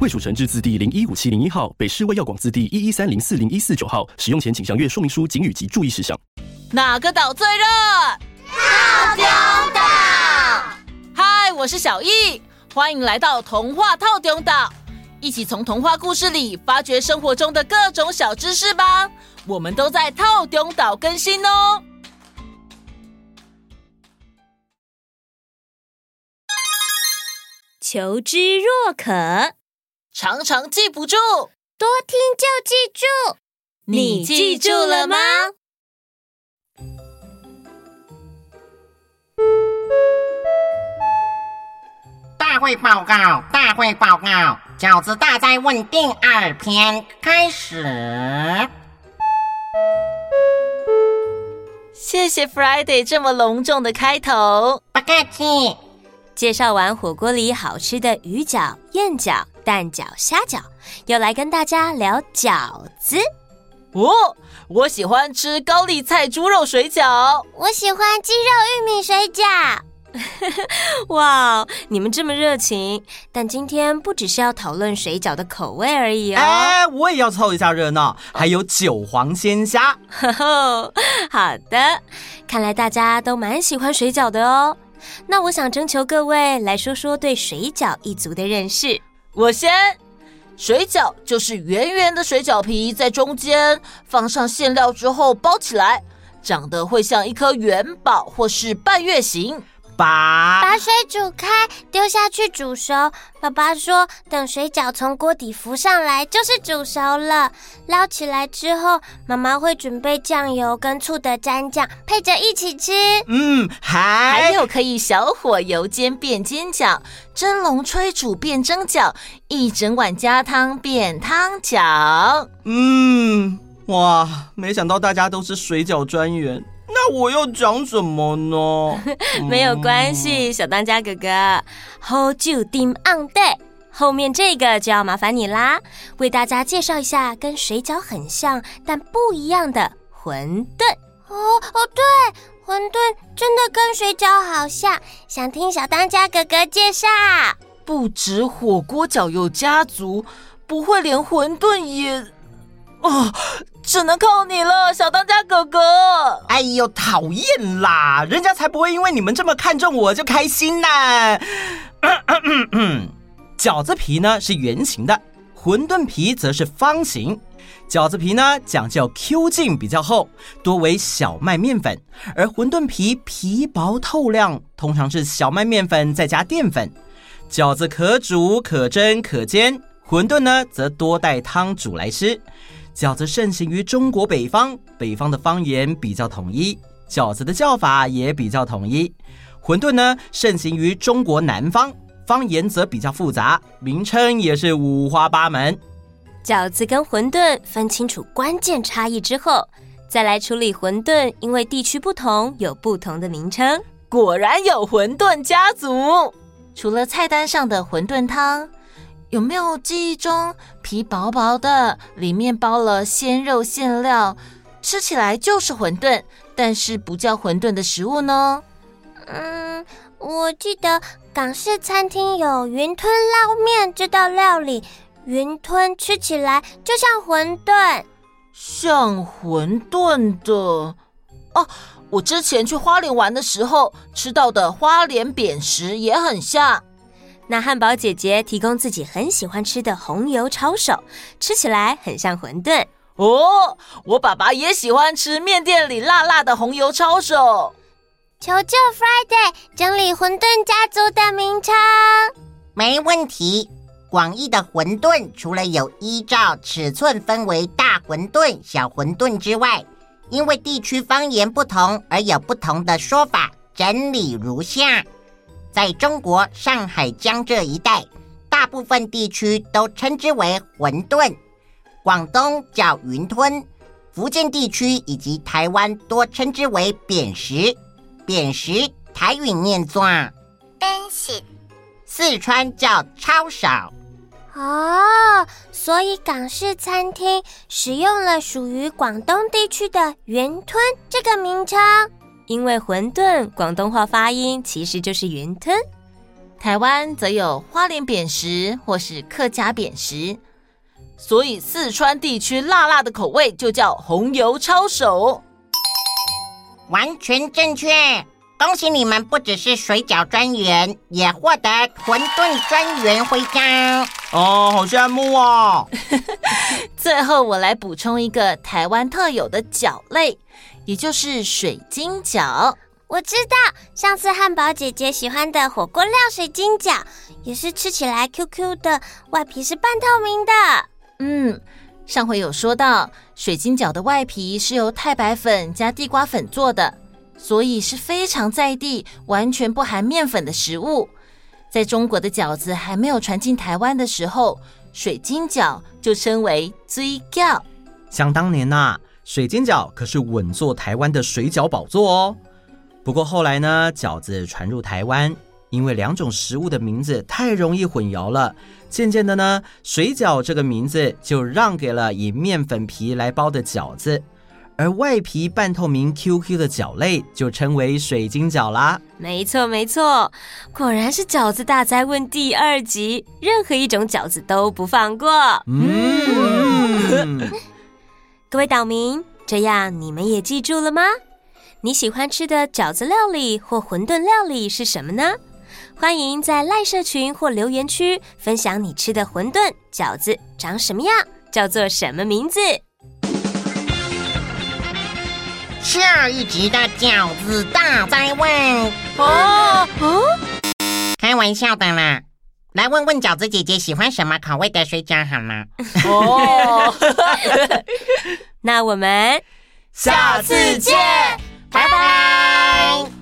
衛署成字字第零一五七零一號，北市衛藥廣字第一一三零四零一四九號。使用前請詳閱說明書、警語及注意事項。哪個島最熱？透中島。嗨，我是小易，歡迎來到童話透中島，一起從童話故事裡發掘生活中的各種小知識吧。我們都在透中島更新哦。求知若渴。常常記不住，多聽就記住。你記住了嗎？大會報告，大會報告，餃子大哉問第二篇開始。謝謝 Friday 這麼隆重的開頭，不客氣。介紹完火鍋裡好吃的魚餃、燕餃。蛋餃、蝦餃，又來跟大家聊餃子哦！我喜歡吃高麗菜豬肉水餃，我喜歡雞肉玉米水餃。 哇，你們這麼熱情，但今天不只是要討論水餃的口味而已哦。哎，我也要湊一下熱鬧，還有韭黃鮮蝦。 好的，看來大家都蠻喜歡水餃的哦。那我想徵求各位來說說對水餃一族的認識。我先，水餃就是圓圓的水餃皮，在中間放上餡料之後包起來，長得會像一顆元寶或是半月形。把把水煮開，丟下去煮熟。爸爸說，等水餃從鍋底浮上來，就是煮熟了。撈起來之後，媽媽會準備醬油跟醋的蘸醬，配着一起吃。嗯，還還有可以小火油煎變煎餃，餃，蒸籠吹煮變蒸餃，一整碗加湯變湯餃。嗯，哇，沒想到大家都是水餃專員。那我要講什麼呢？呵呵，沒有關係，嗯、小當家哥哥，好久定昂對，後面這個就要麻煩你啦，為大家介紹一下跟水餃很像但不一樣的餛飩。哦哦，對，餛飩真的跟水餃好像，想聽小當家哥哥介紹。不止火鍋餃有家族，不會連餛飩也。哦，只能靠你了，小當家哥哥。哎呦，討厭啦！人家才不會因為你們這麼看重我就開心呢。餃 子皮呢是圓形的，餛飩皮則是方形。餃子皮呢講究 Q 勁比較厚，多為小麥麵粉；而餛飩皮皮薄透亮，通常是小麥麵粉再加澱粉。餃子可煮可蒸可煎。餛飩呢，則多帶湯煮來吃；餃子盛行於中國北方，北方的方言比較統一，餃子的叫法也比較統一。餛飩呢，盛行於中國南方，方言則比較複雜，名稱也是五花八門。餃子跟餛飩分清楚關鍵差異之後，再來處理餛飩，因為地區不同，有不同的名稱。果然有餛飩家族！除了菜單上的餛飩湯。有沒有記憶中皮薄薄的，裡面包了鮮肉餡料，吃起來就是餛飩，但是不叫餛飩的食物呢？嗯，我記得港式餐廳有雲吞撈麵這道料理，雲吞吃起來就像餛飩，像餛飩的哦。啊，我之前去花蓮玩的時候吃到的花蓮扁食也很像。那漢堡姐姐提供自己很喜歡吃的紅油抄手，吃起來很像餛飩哦。我爸爸也喜歡吃麵店裡辣辣的紅油抄手。求救 Friday，整理餛飩家族的名稱。沒問題。廣義的餛飩，除了有依照尺寸分為大餛飩、小餛飩之外，因為地區方言不同而有不同的說法。整理如下。在中國上海江浙一帶，大部分地區都稱之為餛飩，廣東叫雲吞，福建地區以及台灣多稱之為扁食，扁食台語念作“扁食”，但是四川叫抄手。哦，所以港式餐廳使用了屬於廣東地區的雲吞這個名稱。因為餛飩廣東話發音其實就是雲吞，台灣則有花蓮扁食或是客家扁食，所以四川地區辣辣的口味就叫紅油抄手。完全正確，恭喜你們不只是水餃專員，也獲得餛飩專員徽章。哦，好羨慕哦。 最後我來補充一個台灣特有的餃類。也就是水晶餃，我知道上次漢堡姐姐喜歡的火鍋料水晶餃，也是吃起來 Q Q 的，外皮是半透明的。嗯，上回有說到，水晶餃的外皮是由太白粉加地瓜粉做的，所以是非常在地，完全不含麵粉的食物。在中國的餃子還沒有傳進台灣的時候，水晶餃就稱為追餃。想當年吶、啊。水晶餃可是穩坐台灣的水餃寶座哦。不過後來呢，餃子傳入台灣，因為兩種食物的名字太容易混淆了，漸漸的呢，水餃這個名字就讓給了以面粉皮來包的餃子，而外皮半透明、QQ 的餃類就稱為水晶餃啦。沒錯沒錯，果然是餃子大哉問第二集，任何一種餃子都不放過。嗯。 各位島民，這樣你們也記住了嗎？你喜歡吃的餃子料理或餛飩料理是什麼呢？歡迎在賴社群或留言區分享你吃的餛飩、餃子長什麼樣，叫做什麼名字。下一集的餃子大哉問哦哦，哦開玩笑的啦。來問問餃子姐姐喜歡什麼口味的水餃好嗎？哦， 那我們下次見，拜拜。